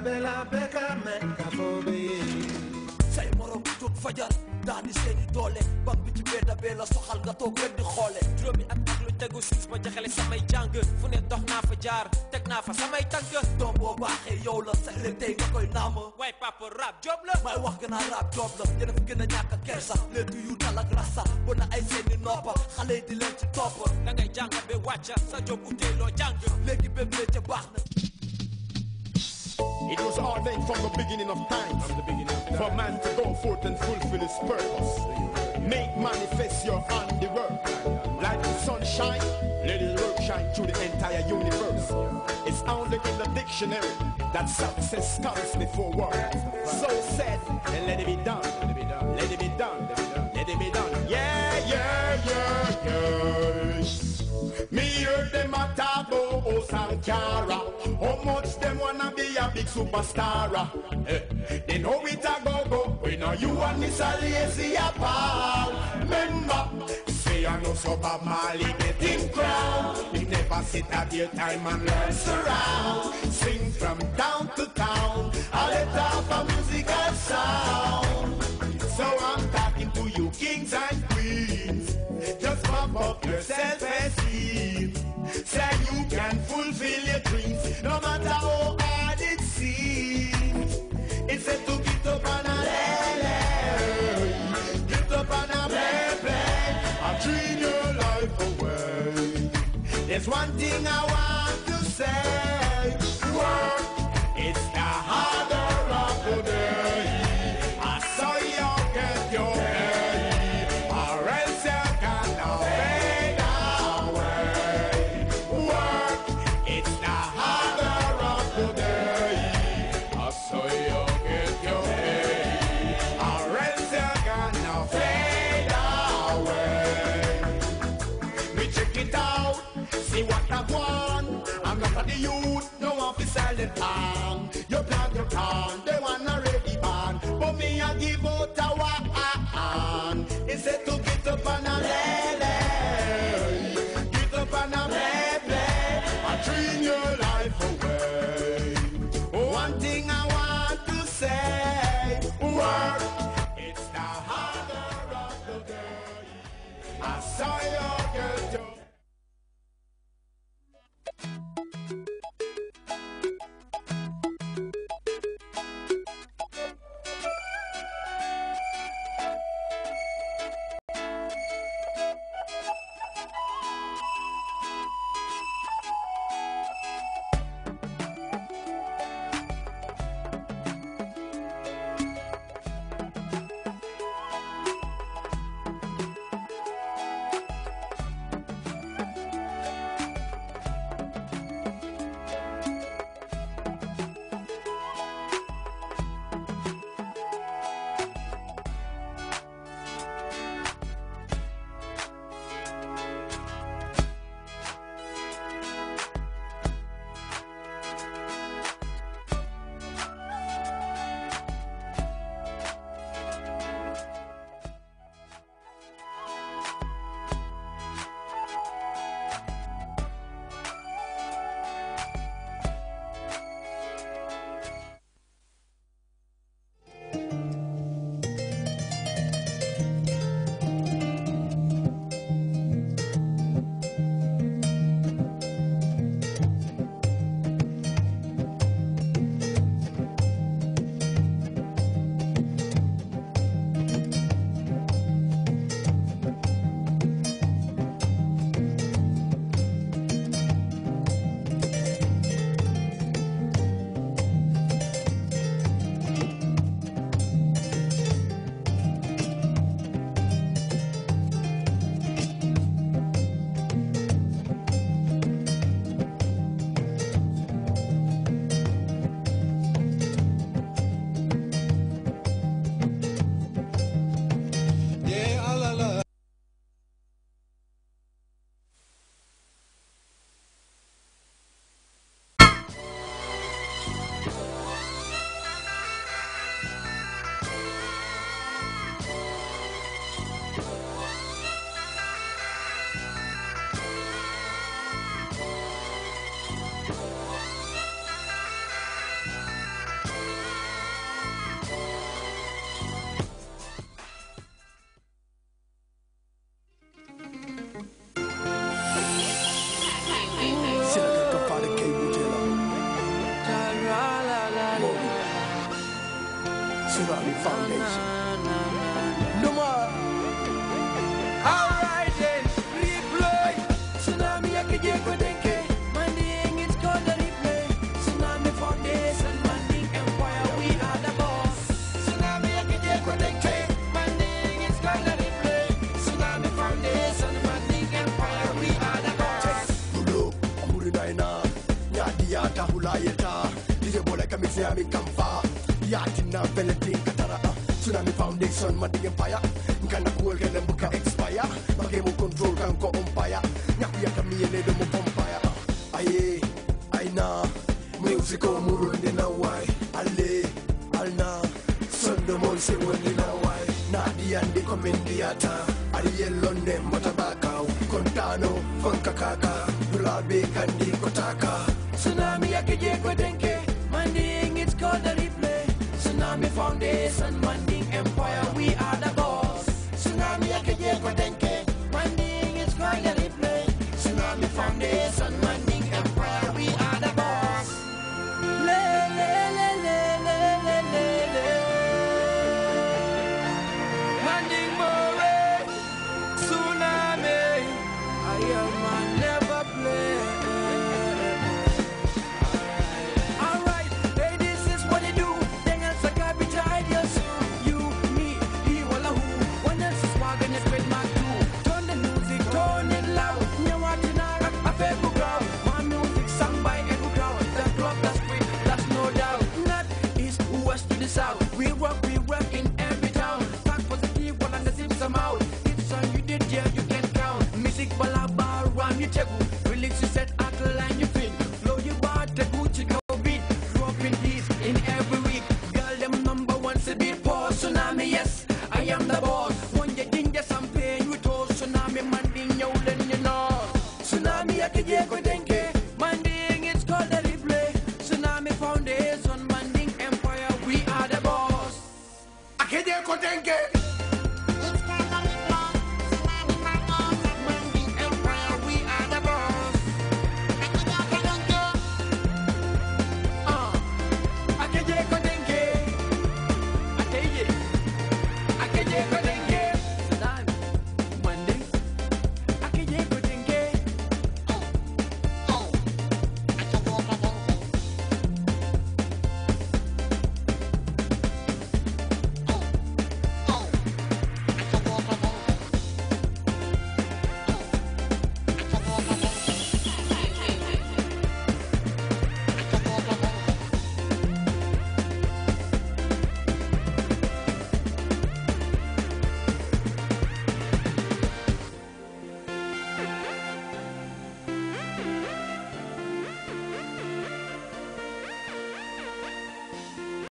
labela bɛɛ ka mɛn k'a fɔ bɛ ye. say morom bu fajar daani seeni doole bag bi ci bedda bee la soxal nga toog rek di xoole juróomi ak ak lu tegu siis ma jaxale samay jàng fu ne dox naa fa jaar teg naa fa samay tànk doom boo baaxee yow la sax rek tey nga koy naama waaye papa rap job la may wax gën a rap job la yéen a fi gën a ñàkk kersa léegi yu dal ak rasa bu na ay seeni noppa xale di leen ci topp da ngay jàng ba wàcca sa job utee loo jàng léegi bépp métier baax It was ordained from the beginning of time for man to go forth and fulfill his purpose. Make manifest your handiwork. work. Like the sunshine, let it work shine through the entire universe. It's only in the dictionary that success comes before work. So said, and let it be done. Let it be done. Sankara. How much them wanna be a big superstar? Eh, they know it a go go. We know you and this a lazy a pal. Remember, say I know so Mali Marley getting crowned. He never sit at your time and learns around. Sing from town to town. I let off a musical sound. So I'm talking to you, kings and queens. Just pump up yourself and life away. There's one thing I want to say. tahulaeta dizeboleka miseami kamfa yatina veletin katara tsunami foundation mading empire nkana kuol kele mbuka expire magemo control kanko umpire nyakuyakamiyenedo mu vampire aye aina musico murunde na wai alle alna sondo mon se woni na wai na diandi comendiata ariellonne matabaka kontano fankakaka dulabe kandi kotaka Tsunami ya kije kwa denke Manding it's called a replay Tsunami Foundation man.